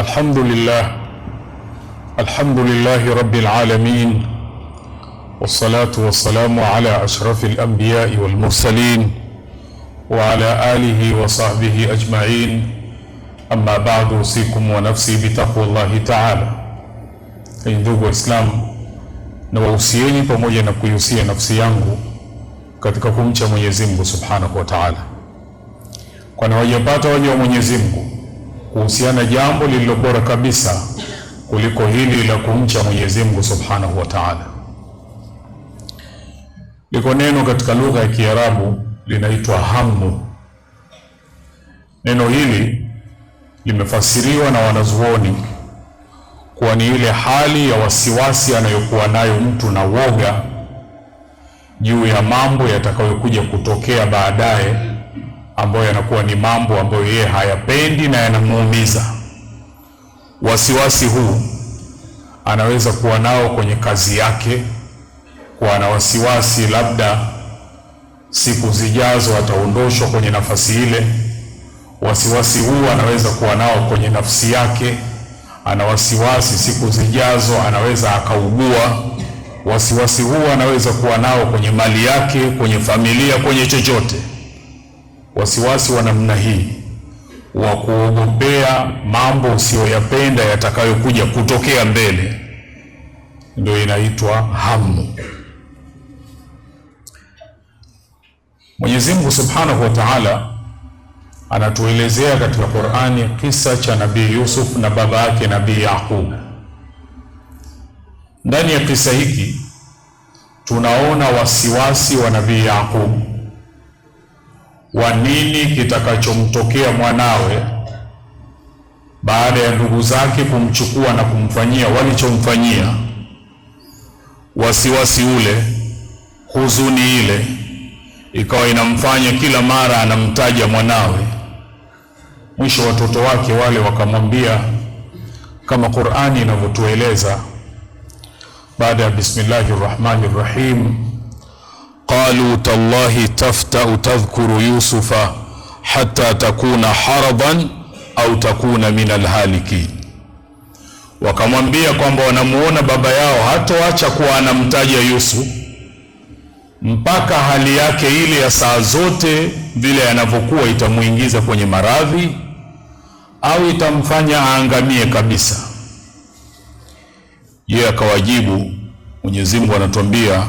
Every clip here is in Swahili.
الحمد لله الحمد لله رب العالمين والصلاة والسلام على أشرف الأنبياء والمرسلين وعلى آله وصحبه أجمعين أما بعد أوصيكم ونفسي بتقوى الله تعالى ndugu Waislamu, na wahusieni pamoja na kuihusia nafsi yangu katika kumcha Mwenyezi Mungu subhanahu wa taala, kwani wajapata waja wa Mwenyezi Mungu kuhusiana jambo lililo bora kabisa kuliko hili la kumcha Mwenyezi Mungu Subhanahu wa Ta'ala. Liko neno katika lugha ya Kiarabu linaitwa hamu. Neno hili limefasiriwa na wanazuoni kuwa ni ile hali ya wasiwasi anayokuwa nayo mtu na woga juu ya mambo yatakayokuja kutokea baadaye ambayo yanakuwa ni mambo ambayo yeye hayapendi na yanamuumiza. Wasiwasi huu anaweza kuwa nao kwenye kazi yake, kuwa na wasiwasi labda siku zijazo ataondoshwa kwenye nafasi ile. Wasiwasi huu anaweza kuwa nao kwenye nafsi yake, ana wasiwasi siku zijazo anaweza akaugua. Wasiwasi huu anaweza kuwa nao kwenye mali yake, kwenye familia, kwenye chochote wasiwasi wa namna hii wa kuogopea mambo usiyoyapenda yatakayokuja kutokea mbele, ndio inaitwa hamu. Mwenyezi Mungu Subhanahu wa Ta'ala anatuelezea katika Qur'ani kisa cha Nabii Yusuf na baba yake Nabii Yaqub. Ndani ya kisa hiki tunaona wasiwasi wa Nabii Yaqub wa nini kitakachomtokea mwanawe baada ya ndugu zake kumchukua na kumfanyia walichomfanyia, wasiwasi ule, huzuni ile ikawa inamfanya kila mara anamtaja mwanawe. Mwisho watoto wake wale wakamwambia kama Qur'ani inavyotueleza, baada ya bismillahir rahmanir rahim qalu tallahi taftau tadhkuru yusufa hata takuna haraban au takuna min alhalikin. Wakamwambia kwamba wanamuona baba yao hatoacha kuwa anamtaja Yusuf mpaka hali yake ile ya saa zote vile yanavyokuwa itamwingiza kwenye maradhi au itamfanya aangamie kabisa. Yeye akawajibu, Mwenyezi Mungu anatuambia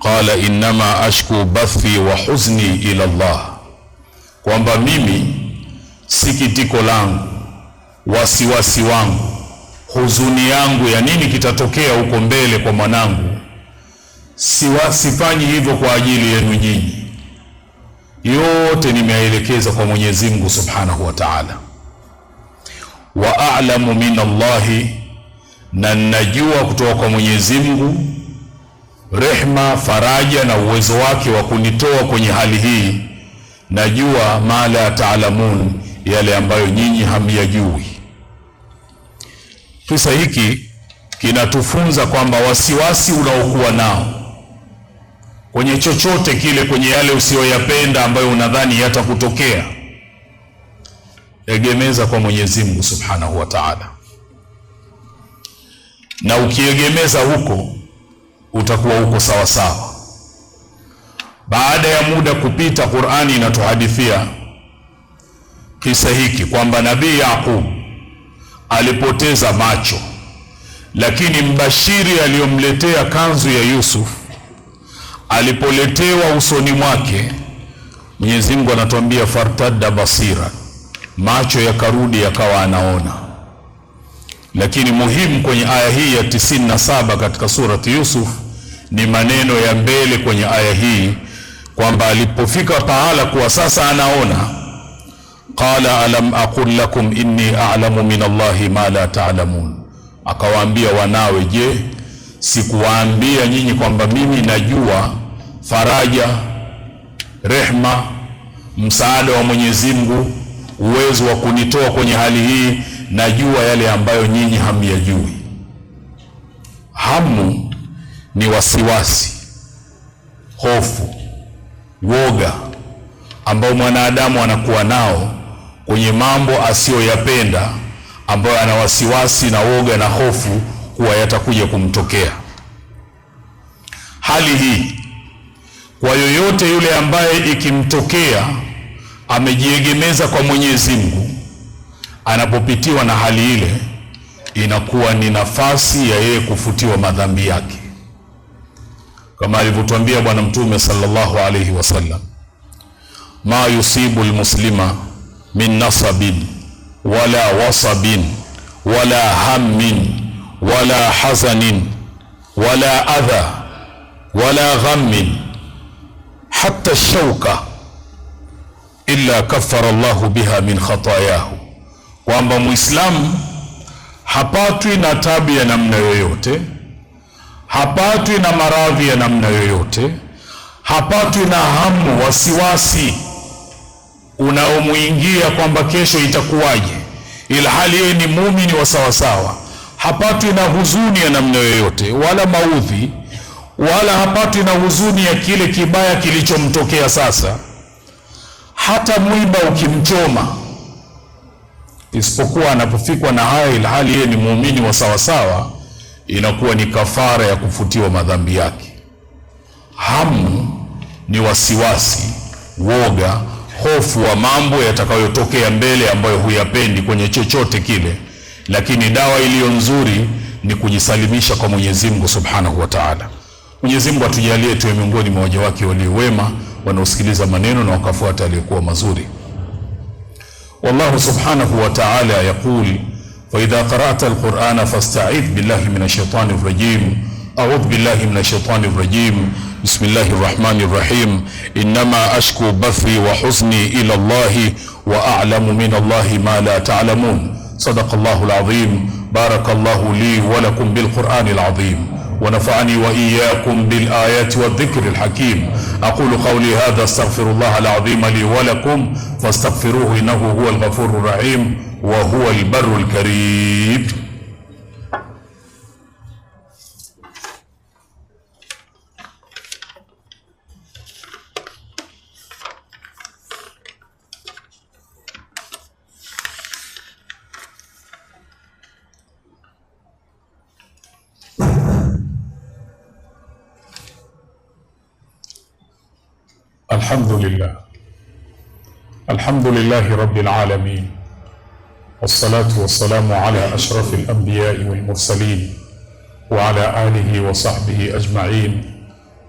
qala innama ashku bathi wa huzni ila Allah, kwamba mimi sikitiko langu, wasiwasi wangu, huzuni yangu ya nini kitatokea huko mbele kwa mwanangu, siwasifanyi hivyo kwa ajili yenu nyinyi, yote nimeelekeza kwa Mwenyezi Mungu Subhanahu wa Ta'ala. Wa a'lamu min Allahi, na ninajua kutoka kwa Mwenyezi Mungu rehma, faraja na uwezo wake wa kunitoa kwenye hali hii. Najua mala ya taalamun, yale ambayo nyinyi hamyajui. Kisa hiki kinatufunza kwamba wasiwasi unaokuwa nao kwenye chochote kile, kwenye yale usiyoyapenda ambayo unadhani yatakutokea, egemeza kwa Mwenyezi Mungu Subhanahu wa Ta'ala, na ukiegemeza huko utakuwa uko sawa sawa. Baada ya muda kupita, Qur'ani inatuhadithia kisa hiki kwamba Nabii Yaqub alipoteza macho, lakini mbashiri aliyomletea kanzu ya Yusuf alipoletewa usoni mwake, Mwenyezi Mungu anatuambia fartadda basira, macho yakarudi yakawa anaona. Lakini muhimu kwenye aya hii ya 97 katika surati Yusuf ni maneno ya mbele kwenye aya hii kwamba alipofika pahala kuwa sasa anaona, qala alam aqul lakum inni a'lamu min Allahi ma la ta'lamun, akawaambia wanawe, je, sikuwaambia nyinyi kwamba mimi najua faraja, rehma, msaada wa Mwenyezi Mungu, uwezo wa kunitoa kwenye hali hii, najua yale ambayo nyinyi hamyajui. hamu ni wasiwasi, hofu, woga ambao mwanadamu anakuwa nao kwenye mambo asiyoyapenda, ambayo ana wasiwasi na woga na hofu kuwa yatakuja kumtokea. Hali hii kwa yoyote yule ambaye ikimtokea amejiegemeza kwa Mwenyezi Mungu, anapopitiwa na hali ile inakuwa ni nafasi ya yeye kufutiwa madhambi yake kama alivyotuambia Bwana Mtume sallallahu alayhi wasallam, ma yusibu almuslima min nasabin wala wasabin wala hammin wala hazanin wala adha wala ghammin hatta shauka illa kaffara Allahu biha min khatayahu, kwamba Muislamu hapatwi na tabu ya namna yoyote hapatwi na maradhi ya namna yoyote, hapatwi na hamu, wasiwasi unaomwingia kwamba kesho itakuwaje, ila hali yeye ni muumini wa sawasawa. Hapatwi na huzuni ya namna yoyote, wala maudhi, wala hapatwi na huzuni ya kile kibaya kilichomtokea sasa. Hata mwiba ukimchoma, isipokuwa anapofikwa na haya, ila hali yeye ni muumini wa sawasawa inakuwa ni kafara ya kufutiwa madhambi yake. Hamu ni wasiwasi, woga, hofu wa mambo yatakayotokea mbele ambayo huyapendi kwenye chochote kile, lakini dawa iliyo nzuri ni kujisalimisha kwa Mwenyezi Mungu Subhanahu wa Ta'ala. Mwenyezi Mungu atujalie tuwe miongoni mwa waja wake walio wema wanaosikiliza maneno na wakafuata aliyokuwa mazuri. Wallahu Subhanahu wa Ta'ala yaqul وإذا قرأت القرآن فاستعيذ بالله من الشيطان الرجيم أعوذ بالله من الشيطان الرجيم بسم الله الرحمن الرحيم إنما أشكو بثي وحزني إلى الله وأعلم من الله ما لا تعلمون صدق الله العظيم بارك الله لي ولكم بالقرآن العظيم ونفعني وإياكم بالآيات والذكر الحكيم أقول قولي هذا استغفر الله العظيم لي ولكم فاستغفروه إنه هو الغفور الرحيم وهو البر الكريم الحمد لله الحمد لله رب العالمين والصلاة والسلام على أشرف الأنبياء والمرسلين وعلى آله وصحبه أجمعين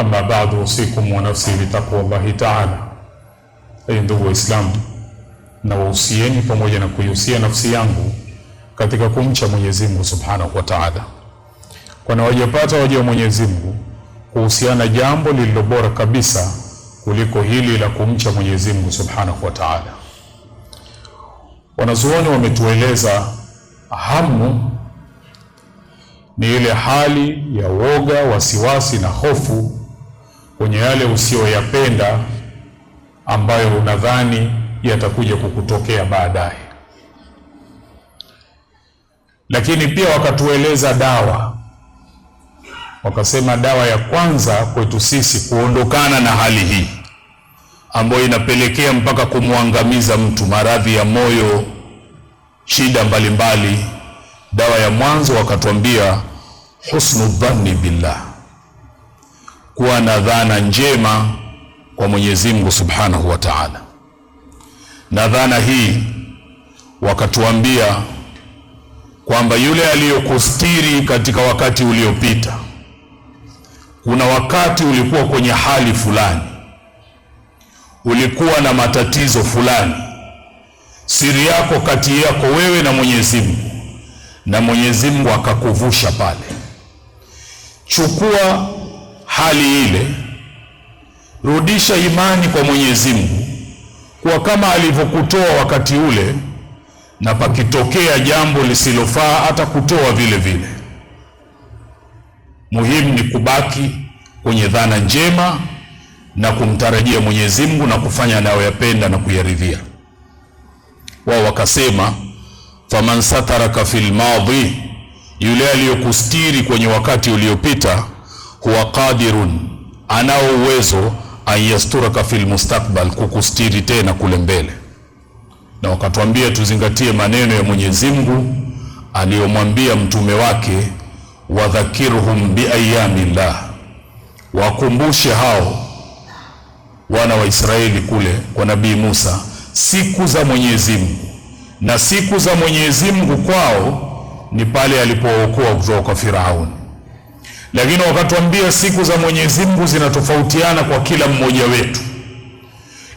أما بعد أوصيكم ونفسي بتقوى الله تعالى أي ndugu Waislamu na wahusieni pamoja na kuihusia nafsi yangu katika kumcha Mwenyezi Mungu Subhanahu wa Ta'ala, kwana wajapata waja wa Mwenyezi Mungu kuhusiana jambo lililo bora kabisa kuliko hili la kumcha Mwenyezi Mungu Subhanahu wa Ta'ala. Wanazuoni wametueleza hamu ni ile hali ya woga, wasiwasi na hofu kwenye yale usiyoyapenda ambayo unadhani yatakuja kukutokea baadaye. Lakini pia wakatueleza dawa Wakasema dawa ya kwanza kwetu sisi kuondokana na hali hii ambayo inapelekea mpaka kumwangamiza mtu, maradhi ya moyo, shida mbalimbali mbali. Dawa ya mwanzo wakatuambia husnu dhanni billah, kuwa na dhana njema kwa Mwenyezi Mungu Subhanahu wa Ta'ala. Na dhana hii wakatuambia kwamba yule aliyokustiri katika wakati uliopita kuna wakati ulikuwa kwenye hali fulani, ulikuwa na matatizo fulani, siri yako kati yako wewe na Mwenyezi Mungu, na Mwenyezi Mungu akakuvusha pale. Chukua hali ile, rudisha imani kwa Mwenyezi Mungu kuwa kama alivyokutoa wakati ule, na pakitokea jambo lisilofaa hata kutoa vile vile Muhimu ni kubaki kwenye dhana njema na kumtarajia Mwenyezi Mungu na kufanya anayoyapenda na kuyaridhia. Wao wakasema faman sataraka fil madhi, yule aliyokustiri kwenye wakati uliopita, huwa qadirun, anao uwezo anyasturaka fil mustakbal, kukustiri tena kule mbele. Na wakatuambia tuzingatie maneno ya Mwenyezi Mungu aliyomwambia mtume wake wadhakirhum llah, wakumbushe hao wana wa Israeli kule kwa Nabii Musa siku za Mwenyezi Mungu. Na siku za Mwenyezi Mungu kwao ni pale alipookoa kutoka kwa Firauni, lakini wakatuambia siku za Mwenyezi Mungu zinatofautiana kwa kila mmoja wetu.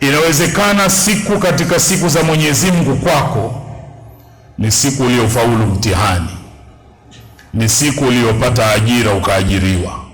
Inawezekana siku katika siku za Mwenyezi Mungu kwako ni siku uliofaulu mtihani ni siku uliyopata ajira ukaajiriwa,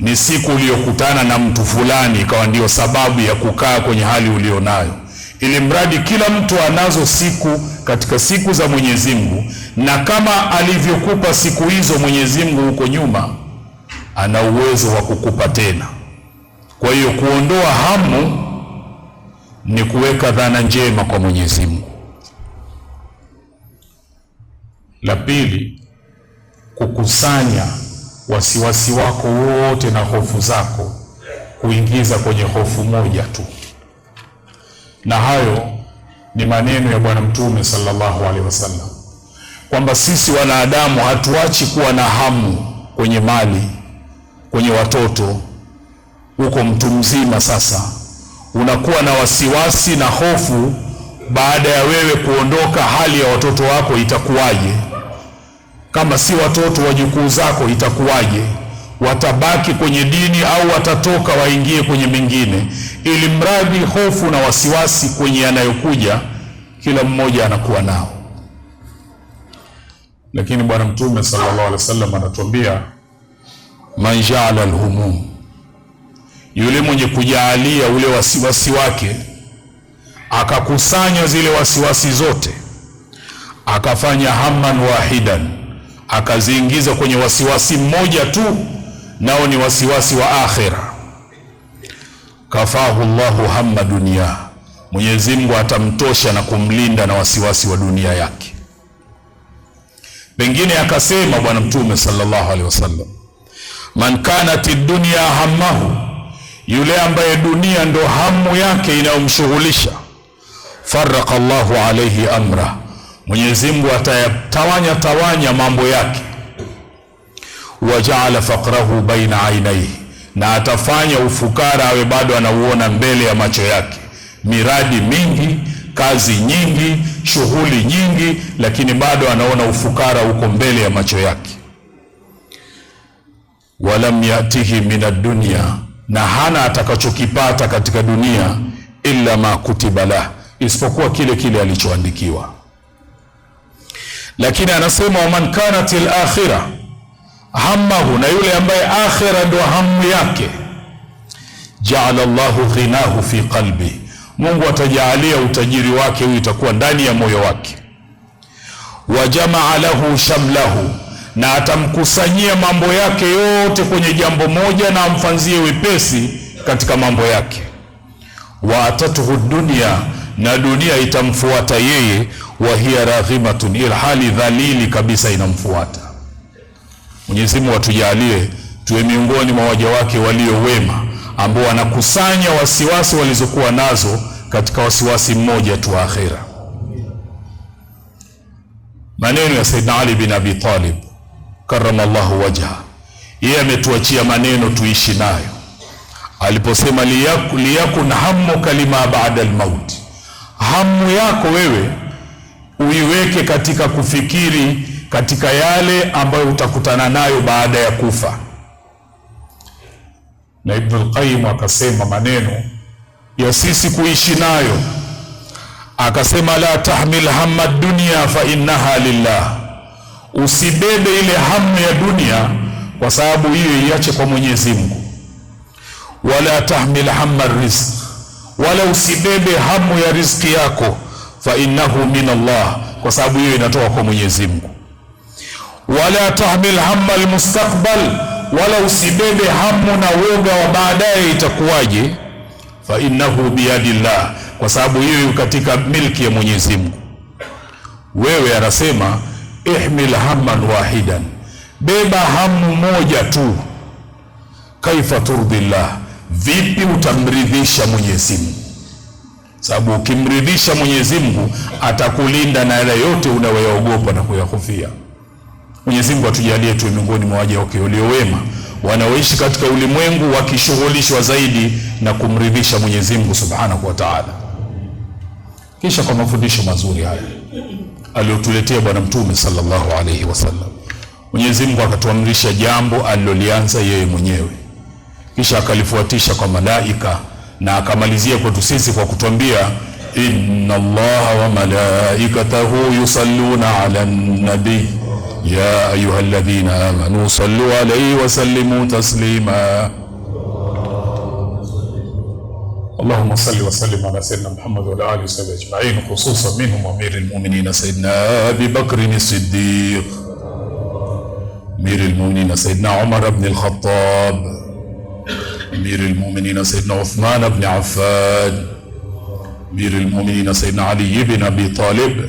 ni siku uliyokutana na mtu fulani ikawa ndiyo sababu ya kukaa kwenye hali ulionayo. Ili mradi kila mtu anazo siku katika siku za Mwenyezi Mungu, na kama alivyokupa siku hizo Mwenyezi Mungu huko nyuma, ana uwezo wa kukupa tena. Kwa hiyo kuondoa hamu ni kuweka dhana njema kwa Mwenyezi Mungu. La pili kukusanya wasiwasi wako wote na hofu zako, kuingiza kwenye hofu moja tu. Na hayo ni maneno ya Bwana Mtume sallallahu alaihi wasallam kwamba sisi wanadamu hatuachi kuwa na hamu kwenye mali, kwenye watoto. Uko mtu mzima sasa, unakuwa na wasiwasi na hofu baada ya wewe kuondoka, hali ya watoto wako itakuwaje? Kama si watoto wajukuu zako itakuwaje? Watabaki kwenye dini au watatoka waingie kwenye mengine? Ili mradi hofu na wasiwasi kwenye yanayokuja kila mmoja anakuwa nao. Lakini Bwana Mtume sallallahu alaihi wasallam anatuambia, man jaala alhumum, yule mwenye kujaalia ule wasiwasi wake akakusanya zile wasiwasi zote akafanya hamman wahidan akaziingiza kwenye wasiwasi mmoja tu, nao ni wasiwasi wa akhira. Kafahu Allahu hamma dunia, Mwenyezi Mungu atamtosha na kumlinda na wasiwasi wa dunia yake. Pengine akasema Bwana Mtume sallallahu alaihi wasallam, man kanat dunya hammahu, yule ambaye dunia ndo hamu yake inayomshughulisha, farraqa Allahu alaihi amra Mwenyezi Mungu atayatawanya tawanya mambo yake, wajaala faqrahu baina ainaihi, na atafanya ufukara awe bado anauona mbele ya macho yake. Miradi mingi, kazi nyingi, shughuli nyingi, lakini bado anaona ufukara uko mbele ya macho yake. Walam yatihi min ad-dunya, na hana atakachokipata katika dunia, illa ma kutiba lah, isipokuwa kile kile alichoandikiwa lakini anasema waman kanat lakhira hamahu na yule ambaye akhira ndo hamu yake, jaala Allahu ghinahu fi qalbi, Mungu atajaalia utajiri wake huyu itakuwa ndani ya moyo wake. Wa jamaa lahu shamlahu, na atamkusanyia mambo yake yote kwenye jambo moja, na amfanzie wepesi katika mambo yake. Wa atatuhu dunia, na dunia itamfuata yeye wa hiya raghimatun, ila hali dhalili kabisa inamfuata. Mwenyezi Mungu atujalie tuwe miongoni mwa waja wake walio wema ambao wanakusanya wasiwasi walizokuwa nazo katika wasiwasi mmoja tu wa akhera. Maneno ya Saidna Ali bin Abi Talib karamallahu wajha, yeye ametuachia maneno tuishi nayo aliposema, liyakun hammuka lima baada almauti, hamu yako wewe uiweke katika kufikiri katika yale ambayo utakutana nayo baada ya kufa. Na Ibnul Qayyim akasema maneno ya sisi kuishi nayo, akasema la tahmil hamma dunya fa innaha lillah, usibebe ile hamu ya dunia kwa sababu hiyo iache kwa Mwenyezi Mungu. Wala tahmil hamma rizq, wala usibebe hamu ya riziki yako fa innahu min Allah, kwa sababu hiyo inatoka kwa Mwenyezi Mungu. Wala tahmil hamma almustaqbal, wala usibebe hamu na woga wa baadaye itakuwaje. Fa innahu biyadillah, kwa sababu hiyo katika milki ya Mwenyezi Mungu. Wewe anasema ihmil hamman wahidan, beba hamu moja tu. Kaifa turdillah, vipi utamridhisha Mwenyezi Mungu? sababu ukimridhisha Mwenyezi Mungu atakulinda na yale yote unayoyaogopa na kuyahofia. Mwenyezi Mungu atujalie tuwe miongoni mwa waja wake walio wema wanaoishi katika ulimwengu wakishughulishwa zaidi na kumridhisha Mwenyezi Mungu Subhanahu wa Ta'ala. Kisha kwa mafundisho mazuri haya aliyotuletea Bwana Mtume sallallahu alayhi wasallam, Mwenyezi Mungu akatuamrisha jambo alilolianza yeye mwenyewe, kisha akalifuatisha kwa malaika na akamalizia kwetu sisi kwa kutuambia inna allaha wa malaikatahu yusalluna ala nabi ya ayuha alladhina amanu sallu alayhi wa sallimu taslima اللهم صل وسلم على سيدنا محمد وعلى اله وصحبه اجمعين خصوصا منهم امير المؤمنين سيدنا ابي بكر الصديق امير المؤمنين سيدنا عمر بن الخطاب أمير المؤمنين سيدنا عثمان بن عفان أمير المؤمنين سيدنا علي بن أبي طالب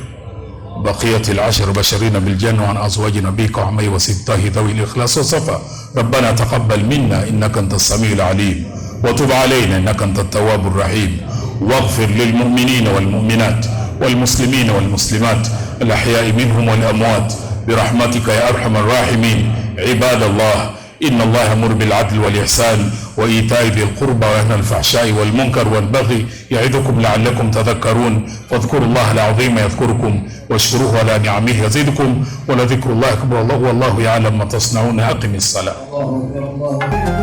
بقية العشر بشرين بالجنة وعن أزواج نبيك وعمي وسته ذوي الإخلاص وصفا ربنا تقبل منا إنك أنت السميع العليم وتب علينا إنك أنت التواب الرحيم واغفر للمؤمنين والمؤمنات والمسلمين والمسلمات الأحياء منهم والأموات برحمتك يا أرحم الراحمين عباد الله إن الله يأمر بالعدل والإحسان وإيتاء ذي القربى وينهى الفحشاء والمنكر والبغي يعظكم لعلكم تذكرون فاذكروا الله العظيم يذكركم واشكروه على نعمه يزدكم ولذكر الله أكبر الله والله يعلم ما تصنعون أقم الصلاة الله أكبر الله